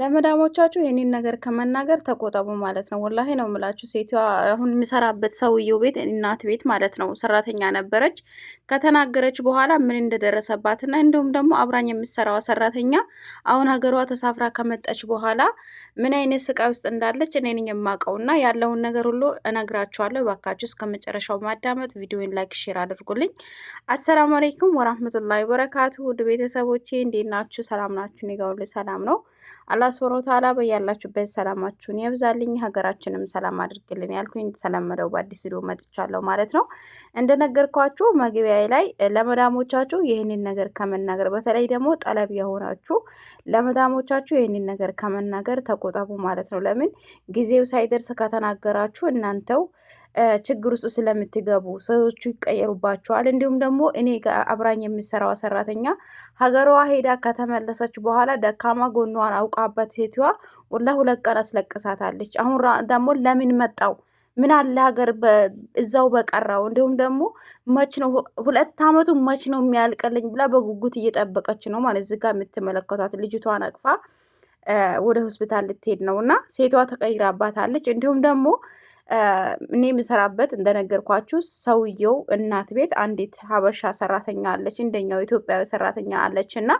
ለመዳሞቻችሁ ይህንን ነገር ከመናገር ተቆጠቡ ማለት ነው። ወላሂ ነው የምላችሁ። ሴቷ አሁን የምሰራበት ሰውየው ቤት እናት ቤት ማለት ነው ሰራተኛ ነበረች። ከተናገረች በኋላ ምን እንደደረሰባትና እንዲሁም ደግሞ አብራኝ የምሰራዋ ሰራተኛ አሁን ሀገሯ ተሳፍራ ከመጣች በኋላ ምን አይነት ስቃይ ውስጥ እንዳለች እኔን የማውቀው ያለውን ነገር ሁሉ እነግራችኋለሁ። ባካችሁ እስከ መጨረሻው ማዳመጥ፣ ቪዲዮን ላይክ፣ ሼር አድርጉልኝ። አሰላሙ አለይኩም ወራህመቱላሂ ወበረካቱ ውድ ቤተሰቦቼ እንዴት ናችሁ? ሰላም ናችሁ? እኔ ጋር ሁሉ ሰላም ነው። አላ ስብሮ ታላ በያላችሁበት ሰላማችሁን የብዛልኝ ሀገራችንም ሰላም አድርግልን ያልኩኝ እንደተለመደው በአዲስ ቪዲዮ መጥቻለሁ ማለት ነው። እንደነገርኳችሁ መግቢያ ላይ ለመዳሞቻችሁ ይህንን ነገር ከመናገር በተለይ ደግሞ ጠለብ የሆናችሁ ለመዳሞቻችሁ ይህንን ነገር ከመናገር ተቆጠቡ ማለት ነው። ለምን ጊዜው ሳይደርስ ከተናገራችሁ እናንተው ችግር ውስጥ ስለምትገቡ ሰዎቹ ይቀየሩባቸዋል። እንዲሁም ደግሞ እኔ አብራኝ የምሰራዋ ሰራተኛ ሀገሯ ሄዳ ከተመለሰች በኋላ ደካማ ጎኗዋን አውቃበት ሴትዋ ለሁለት ቀን አስለቅሳታለች። አሁን ደግሞ ለምን መጣው ምን አለ ሀገር እዛው በቀራው እንዲሁም ደግሞ መች ነው ሁለት አመቱ መች ነው የሚያልቅልኝ ብላ በጉጉት እየጠበቀች ነው ማለት እዚህ ጋር የምትመለከቷት ልጅቷን አቅፋ ወደ ሆስፒታል ልትሄድ ነው እና ሴቷ ተቀይራባታለች። እንዲሁም ደግሞ እኔ የምሰራበት እንደነገርኳችሁ ሰውየው እናት ቤት አንዲት ሀበሻ ሰራተኛ አለች፣ እንደኛው ኢትዮጵያዊ ሰራተኛ አለች እና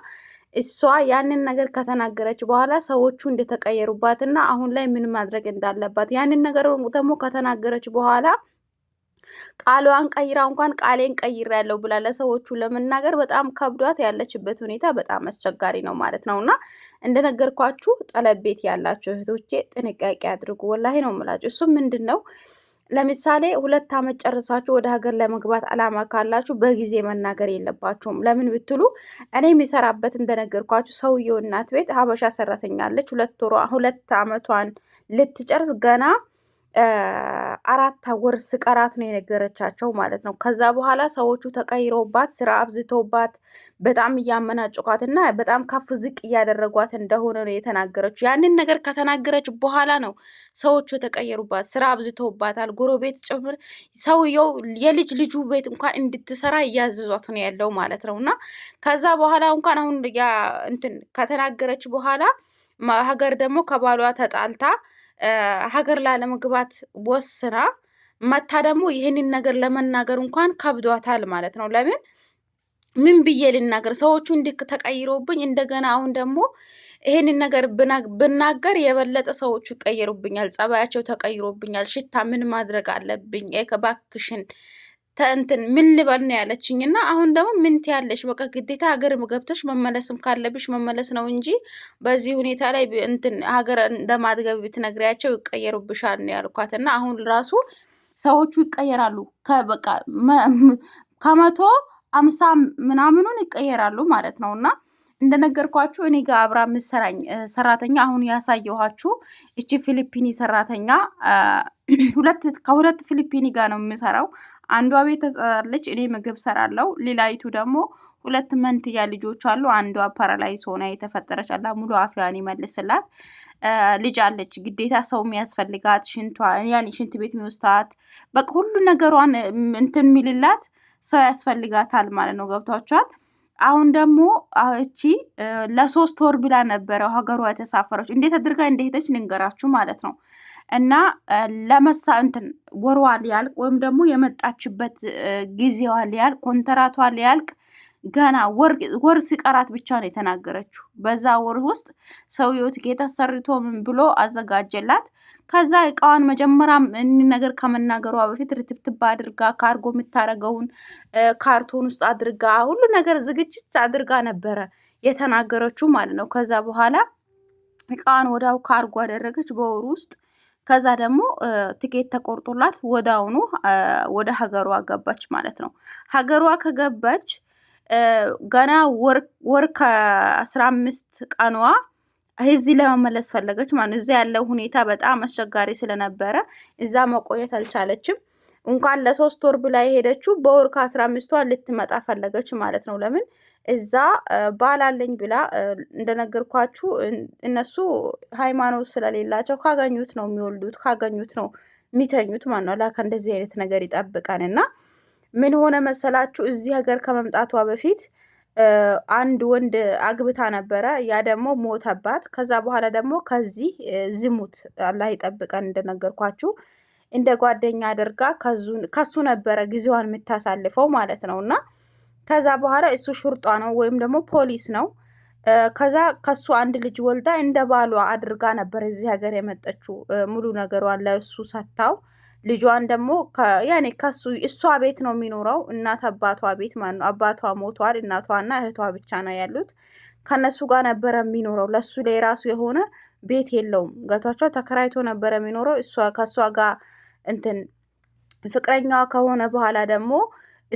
እሷ ያንን ነገር ከተናገረች በኋላ ሰዎቹ እንደተቀየሩባት እና አሁን ላይ ምን ማድረግ እንዳለባት ያንን ነገር ደግሞ ከተናገረች በኋላ ቃሏን ቀይራ እንኳን ቃሌን ቀይራ ያለው ብላ ለሰዎቹ ለመናገር በጣም ከብዷት ያለችበት ሁኔታ በጣም አስቸጋሪ ነው ማለት ነው። እና እንደነገርኳችሁ ጠለብ ቤት ያላቸው እህቶቼ ጥንቃቄ አድርጉ። ወላሂ ነው የምላችሁ። እሱም ምንድን ነው ለምሳሌ ሁለት ዓመት ጨርሳችሁ ወደ ሀገር ለመግባት አላማ ካላችሁ በጊዜ መናገር የለባችሁም። ለምን ብትሉ እኔ የሚሰራበት እንደነገርኳችሁ ሰውየው እናት ቤት ሀበሻ ሰራተኛለች ሁለት ዓመቷን ልትጨርስ ገና አራት ወር ስቀራት ነው የነገረቻቸው ማለት ነው። ከዛ በኋላ ሰዎቹ ተቀይረውባት ስራ አብዝተውባት በጣም እያመናጭቋት እና በጣም ከፍ ዝቅ እያደረጓት እንደሆነ ነው የተናገረችው። ያንን ነገር ከተናገረች በኋላ ነው ሰዎቹ የተቀየሩባት። ስራ አብዝተውባታል፣ ጎረቤት ጭምር ሰውየው የልጅ ልጁ ቤት እንኳን እንድትሰራ እያዘዟት ነው ያለው ማለት ነው። እና ከዛ በኋላ እንኳን አሁን እንትን ከተናገረች በኋላ ሀገር ደግሞ ከባሏ ተጣልታ ሀገር ላለመግባት ወስና መታ ደግሞ ይህንን ነገር ለመናገር እንኳን ከብዷታል ማለት ነው። ለምን ምን ብዬ ልናገር? ሰዎቹ እንዲህ ተቀይሮብኝ እንደገና አሁን ደግሞ ይህንን ነገር ብናገር የበለጠ ሰዎቹ ይቀየሩብኛል፣ ጸባያቸው ተቀይሮብኛል፣ ሽታ ምን ማድረግ አለብኝ? ከባክሽን ተእንትን ምን ልበል ነው ያለችኝ። እና አሁን ደግሞ ምን ትያለሽ? በቃ ግዴታ ሀገር ገብተሽ መመለስም ካለብሽ መመለስ ነው እንጂ በዚህ ሁኔታ ላይ እንትን ሀገር እንደማትገቢ ብትነግሪያቸው ይቀየሩብሻል ነው ያልኳት። እና አሁን ራሱ ሰዎቹ ይቀየራሉ በቃ ከመቶ አምሳ ምናምኑን ይቀየራሉ ማለት ነው እና እንደነገርኳችሁ እኔ ጋር አብራ ምሰራኝ ሰራተኛ አሁን ያሳየኋችሁ እቺ ፊሊፒኒ ሰራተኛ ከሁለት ፊሊፒኒ ጋር ነው የምሰራው። አንዷ ቤት ተጸራለች፣ እኔ ምግብ ሰራለው። ሌላይቱ ደግሞ ሁለት መንትያ ልጆች አሉ። አንዷ ፓራላይዝ ሆና የተፈጠረች አላ ሙሉ አፍያን ይመልስላት ልጅ አለች። ግዴታ ሰው የሚያስፈልጋት ሽንቷ ሽንት ቤት የሚወስታት በቃ ሁሉ ነገሯን እንትን የሚልላት ሰው ያስፈልጋታል ማለት ነው። ገብቷቸዋል። አሁን ደግሞ እቺ ለሶስት ወር ብላ ነበረ ሀገሯ የተሳፈረች። እንዴት አድርጋ እንደሄደች ልንገራችሁ ማለት ነው። እና ለመሳ እንትን ወርዋ ሊያልቅ ወይም ደግሞ የመጣችበት ጊዜዋ ሊያልቅ ኮንትራቷ ሊያልቅ ገና ወር ሲቀራት ብቻ ነው የተናገረችው። በዛ ወር ውስጥ ሰውየው ትኬት አሰርቶ ምን ብሎ አዘጋጀላት። ከዛ እቃዋን መጀመሪያ እኒ ነገር ከመናገሯ በፊት ርትብትባ አድርጋ ካርጎ የምታደርገውን ካርቶን ውስጥ አድርጋ ሁሉ ነገር ዝግጅት አድርጋ ነበረ የተናገረችው ማለት ነው። ከዛ በኋላ እቃዋን ወዳው ካርጎ አደረገች በወሩ ውስጥ ከዛ ደግሞ ትኬት ተቆርጦላት ወዳውኑ ወደ ሀገሯ ገባች ማለት ነው። ሀገሯ ከገባች ገና ወር ከአስራ አምስት ቀኗ እዚህ ለመመለስ ፈለገች ማለት ነው። እዛ ያለው ሁኔታ በጣም አስቸጋሪ ስለነበረ እዛ መቆየት አልቻለችም። እንኳን ለሶስት ወር ብላ የሄደችው በወር ከአስራ አምስቷ ልትመጣ ፈለገች ማለት ነው። ለምን እዛ ባላለኝ ብላ እንደነገርኳችሁ እነሱ ሃይማኖት ስለሌላቸው ካገኙት ነው የሚወልዱት፣ ካገኙት ነው የሚተኙት ማለት ነው። አላህ ከእንደዚህ አይነት ነገር ይጠብቀን እና ምን ሆነ መሰላችሁ እዚህ ሀገር ከመምጣቷ በፊት አንድ ወንድ አግብታ ነበረ። ያ ደግሞ ሞተባት። ከዛ በኋላ ደግሞ ከዚህ ዝሙት አላህ ይጠብቀን እንደነገርኳችሁ እንደ ጓደኛ አድርጋ ከሱ ነበረ ጊዜዋን የምታሳልፈው ማለት ነው። እና ከዛ በኋላ እሱ ሹርጧ ነው ወይም ደግሞ ፖሊስ ነው። ከዛ ከሱ አንድ ልጅ ወልዳ እንደ ባሏ አድርጋ ነበር እዚህ ሀገር የመጠችው። ሙሉ ነገሯን ለእሱ ሰጥታው ልጇን ደግሞ ያኔ ከሱ እሷ ቤት ነው የሚኖረው እናት አባቷ ቤት ማለት ነው። አባቷ ሞቷል። እናቷና እህቷ ብቻ ነው ያሉት። ከነሱ ጋር ነበረ የሚኖረው። ለሱ ላይ ራሱ የሆነ ቤት የለውም። ገብቷቸው ተከራይቶ ነበረ የሚኖረው እሷ ከእሷ ጋር እንትን ፍቅረኛዋ ከሆነ በኋላ ደግሞ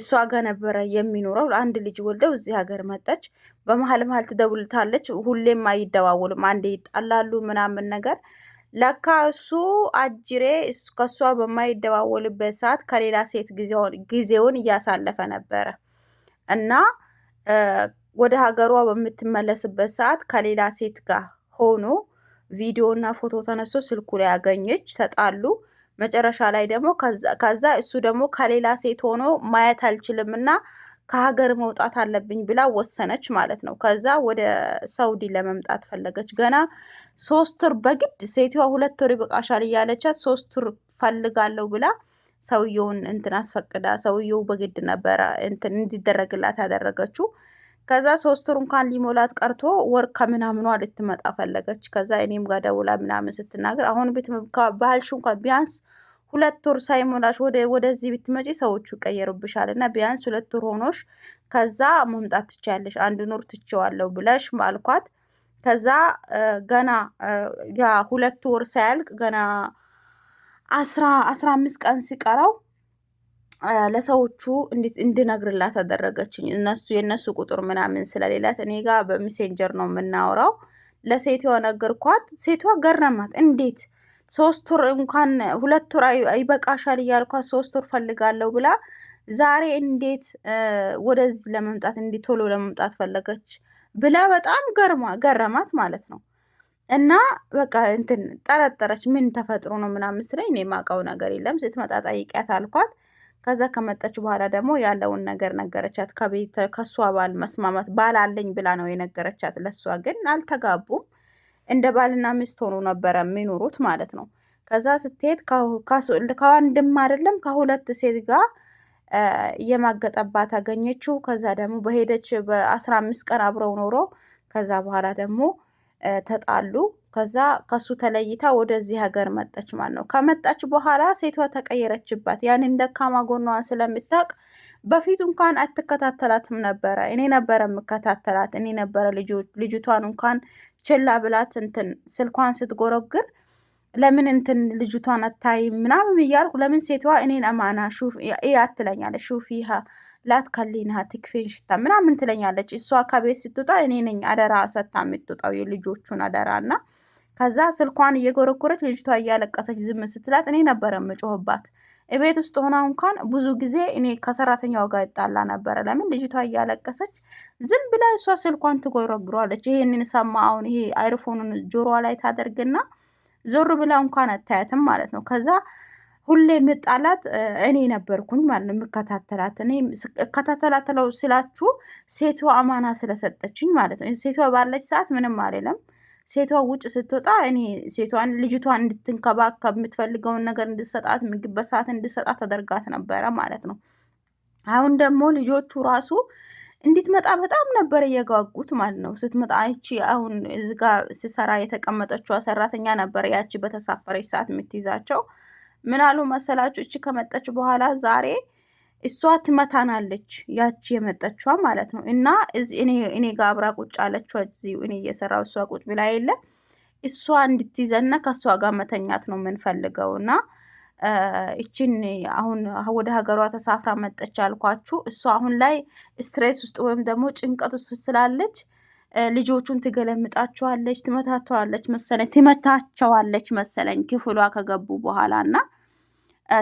እሷ ጋር ነበረ የሚኖረው። አንድ ልጅ ወልደው እዚህ ሀገር መጣች። በመሀል መሀል ትደውልታለች። ሁሌም አይደዋወሉም፣ አንዴ ይጣላሉ ምናምን ነገር ለካ እሱ አጅሬ ከእሷ በማይደዋወልበት ሰዓት ከሌላ ሴት ጊዜውን እያሳለፈ ነበረ እና ወደ ሀገሯ በምትመለስበት ሰዓት ከሌላ ሴት ጋር ሆኖ ቪዲዮ እና ፎቶ ተነስቶ ስልኩ ላይ ያገኘች። ተጣሉ። መጨረሻ ላይ ደግሞ ከዛ እሱ ደግሞ ከሌላ ሴት ሆኖ ማየት አልችልም እና ከሀገር መውጣት አለብኝ ብላ ወሰነች ማለት ነው። ከዛ ወደ ሰውዲ ለመምጣት ፈለገች። ገና ሶስት ወር በግድ ሴትዋ ሁለት ወር ይበቃሻል እያለቻት ሶስት ወር ፈልጋለሁ ብላ ሰውየውን እንትን አስፈቅዳ ሰውየው በግድ ነበረ እንትን እንዲደረግላት ያደረገችው። ከዛ ሶስት ወር እንኳን ሊሞላት ቀርቶ ወር ከምናምኗ ልትመጣ ፈለገች። ከዛ እኔም ጋር ደውላ ምናምን ስትናገር አሁን ቤት ባህልሽ እንኳን ቢያንስ ሁለት ወር ሳይሞላሽ ወደዚህ ብትመጪ ሰዎቹ ይቀየሩብሻል እና ቢያንስ ሁለት ወር ሆኖሽ ከዛ መምጣት ትችያለሽ፣ አንድ ኖር ትችዋለሁ ብለሽ አልኳት። ከዛ ገና ያ ሁለት ወር ሳያልቅ ገና አስራ አስራ አምስት ቀን ሲቀረው ለሰዎቹ እንድነግርላት አደረገችኝ። እነሱ የእነሱ ቁጥር ምናምን ስለሌላት እኔ ጋር በሜሴንጀር ነው የምናወራው። ለሴትዋ ነገርኳት። ሴቷ ገረማት። እንዴት ሶስት ወር እንኳን ሁለት ወር ይበቃሻል እያልኳት ሶስት ወር ፈልጋለሁ ብላ ዛሬ እንዴት ወደዚህ ለመምጣት እንዲህ ቶሎ ለመምጣት ፈለገች ብላ በጣም ገርማ ገረማት ማለት ነው። እና በቃ እንትን ጠረጠረች። ምን ተፈጥሮ ነው ምናምን ስትለኝ እኔ የማውቀው ነገር የለም ስትመጣ ጠይቂያት አልኳት። ከዛ ከመጣች በኋላ ደግሞ ያለውን ነገር ነገረቻት። ከቤተ ከእሷ ባል መስማማት ባል አለኝ ብላ ነው የነገረቻት። ለእሷ ግን አልተጋቡም። እንደ ባልና ሚስት ሆኖ ነበረ የሚኖሩት ማለት ነው። ከዛ ስትሄድ ከወንድም አይደለም ከሁለት ሴት ጋር እየማገጠባት አገኘችው። ከዛ ደግሞ በሄደች በአስራ አምስት ቀን አብረው ኖሮ ከዛ በኋላ ደግሞ ተጣሉ። ከዛ ከሱ ተለይታ ወደዚህ ሀገር መጣች ማለት ነው። ከመጣች በኋላ ሴቷ ተቀየረችባት። ያንን ደካማ ጎኗን ስለምታውቅ በፊት እንኳን አትከታተላትም ነበረ። እኔ ነበረ የምከታተላት እኔ ነበረ ልጅቷን እንኳን ችላ ብላት እንትን ስልኳን ስትጎረግር ለምን እንትን ልጅቷን አታይ ምናምን እያልኩ ለምን ሴቷ እኔን አማና ሹፍ አትለኛለች ሹፍ ይሃ ላት ከሊና ትክፌን ሽታ ምናምን ትለኛለች። እሷ ከቤት ስትወጣ እኔ ነኝ አደራ ሰታ የምትወጣው የልጆቹን አደራ እና ከዛ ስልኳን እየጎረጎረች ልጅቷ እያለቀሰች ዝም ስትላት እኔ ነበረ የምጮህባት። እቤት ውስጥ ሆና እንኳን ብዙ ጊዜ እኔ ከሰራተኛው ጋር ይጣላ ነበረ። ለምን ልጅቷ እያለቀሰች ዝም ብላ እሷ ስልኳን ትጎረጉሯለች። ይሄንን ሰማ አሁን ይሄ አይርፎኑን ጆሮዋ ላይ ታደርግና ዞር ብላ እንኳን አታያትም ማለት ነው። ከዛ ሁሌ የምጣላት እኔ ነበርኩኝ ማለት ነው። የምከታተላት እኔ እከታተላትለው ስላችሁ ሴቷ አማና ስለሰጠችኝ ማለት ነው። ሴቷ ባለች ሰዓት ምንም አልለም። ሴቷ ውጭ ስትወጣ እኔ ሴቷን ልጅቷን እንድትንከባከብ የምትፈልገውን ነገር እንድሰጣት ምግብ በሰዓት እንድሰጣት ተደርጋት ነበረ ማለት ነው። አሁን ደግሞ ልጆቹ ራሱ እንድትመጣ በጣም ነበር እየጓጉት ማለት ነው። ስትመጣ አይቺ አሁን እዚጋ ስሰራ የተቀመጠችዋ ሰራተኛ ነበር ያቺ በተሳፈረች ሰዓት የምትይዛቸው። ምናሉ መሰላችሁ? እቺ ከመጠች በኋላ ዛሬ እሷ ትመታናለች፣ ያቺ የመጠችዋ ማለት ነው። እና እኔ ጋ አብራ ቁጭ አለችው እዚሁ እኔ እየሰራው እሷ ቁጭ ብላ የለ እሷ እንድትይዘና ከእሷ ጋር መተኛት ነው የምንፈልገው። እና እችን አሁን ወደ ሀገሯ ተሳፍራ መጠች አልኳችሁ እሷ አሁን ላይ ስትሬስ ውስጥ ወይም ደግሞ ጭንቀት ውስጥ ስላለች ልጆቹን ትገለምጣቸዋለች፣ ትመታቸዋለች መሰለኝ ትመታቸዋለች መሰለኝ ክፍሏ ከገቡ በኋላ እና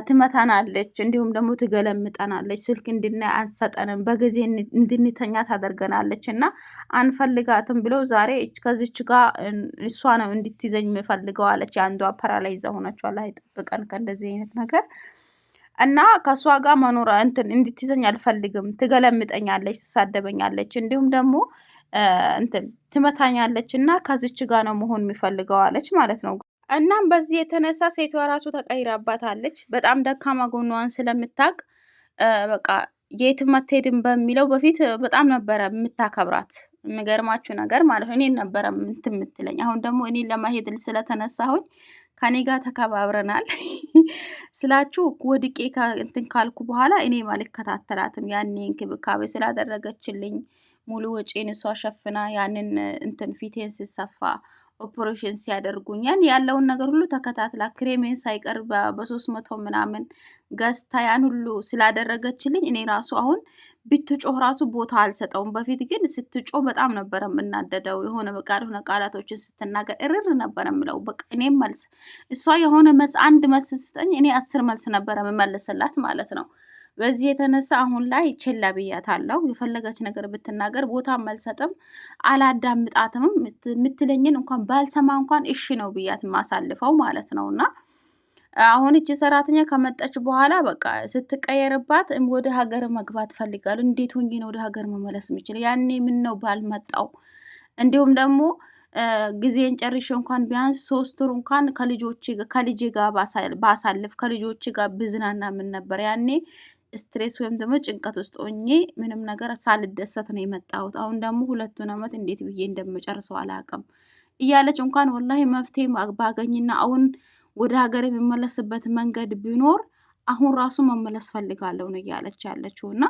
ትመታናለች፣ እንዲሁም ደግሞ ትገለምጠናለች። ስልክ እንድናይ አንሰጠንም በጊዜ እንድንተኛ ታደርገናለች እና አንፈልጋትም ብለው ዛሬ ከዚች ጋር እሷ ነው እንድትይዘኝ የምፈልገው አለች። የአንዷ ፓራላይዛ ሆናችሁ አላህ ከእንደዚህ አይነት ነገር እና ከእሷ ጋር መኖር እንትን እንድትይዘኝ አልፈልግም። ትገለምጠኛለች፣ ትሳደበኛለች፣ እንዲሁም ደግሞ እንትን ትመታኛለች እና ከዚች ጋር ነው መሆን የሚፈልገው አለች ማለት ነው። እናም በዚህ የተነሳ ሴቷ ራሱ ተቀይራባታለች። በጣም ደካማ ጎኗን ስለምታቅ በቃ የት መትሄድን በሚለው በፊት በጣም ነበረ የምታከብራት። የምገርማችሁ ነገር ማለት ነው እኔን ነበረ እንትን የምትለኝ። አሁን ደግሞ እኔን ለማሄድ ስለተነሳሁኝ ከኔ ጋር ተከባብረናል ስላችሁ ወድቄ እንትን ካልኩ በኋላ እኔ አልከታተላትም። ያኔ እንክብካቤ ስላደረገችልኝ ሙሉ ወጪን እሷ ሸፍና ያንን እንትን ፊቴን ስሰፋ ኦፕሬሽን ሲያደርጉኛን ያለውን ነገር ሁሉ ተከታትላ ክሬሜን ሳይቀር በሶስት መቶ ምናምን ገዝታ ያን ሁሉ ስላደረገችልኝ እኔ ራሱ አሁን ብትጮህ ራሱ ቦታ አልሰጠውም። በፊት ግን ስትጮህ በጣም ነበረ የምናደደው። የሆነ በቃ የሆነ ቃላቶችን ስትናገር እርር ነበረ የምለው። በቃ እኔም መልስ እሷ የሆነ መልስ አንድ መልስ ስጠኝ እኔ አስር መልስ ነበረ የምመልስላት ማለት ነው። በዚህ የተነሳ አሁን ላይ ችላ ብያታለሁ። የፈለገች ነገር ብትናገር ቦታ አልሰጥም፣ አላዳምጣትም። የምትለኝን እንኳን ባልሰማ እንኳን እሺ ነው ብያት የማሳልፈው ማለት ነው እና አሁን እቺ ሰራተኛ ከመጣች በኋላ በቃ ስትቀየርባት ወደ ሀገር መግባት ፈልጋሉ። እንዴት ሆኜ ነው ወደ ሀገር መመለስ የምችለው? ያኔ ምን ነው ባልመጣው። እንዲሁም ደግሞ ጊዜን ጨርሼ እንኳን ቢያንስ ሶስት ወር እንኳን ከልጆች ከልጄ ጋር ባሳልፍ ከልጆች ጋር ብዝናና ምን ነበር ያኔ ስትሬስ ወይም ደግሞ ጭንቀት ውስጥ ሆኜ ምንም ነገር ሳልደሰት ነው የመጣሁት። አሁን ደግሞ ሁለቱን ዓመት እንዴት ብዬ እንደምጨርሰው አላውቅም እያለች እንኳን ወላሂ መፍትሄ ባገኝና አሁን ወደ ሀገር የሚመለስበት መንገድ ቢኖር አሁን ራሱ መመለስ ፈልጋለሁ ነው እያለች ያለችው እና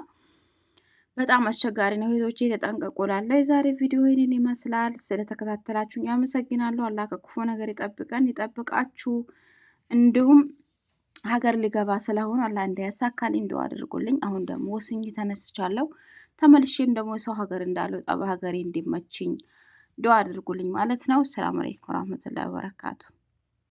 በጣም አስቸጋሪ ነው። እህቶቼ ተጠንቀቁ የዛሬ ቪዲዮ ይህንን ይመስላል። ስለተከታተላችሁ አመሰግናለሁ። አላህ ከክፉ ነገር ይጠብቀን፣ ይጠብቃችሁ እንዲሁም ሀገር ሊገባ ስለሆነ አላህ እንዲያሳካልኝ እንደው አድርጉልኝ። አሁን ደግሞ ወስኝ ተነስቻለሁ። ተመልሼም ደግሞ የሰው ሀገር እንዳልወጣ በሀገሬ እንዲመችኝ ዱዓ አድርጉልኝ ማለት ነው። ሰላም አለይኩም ወራህመቱላሂ ወበረካቱ።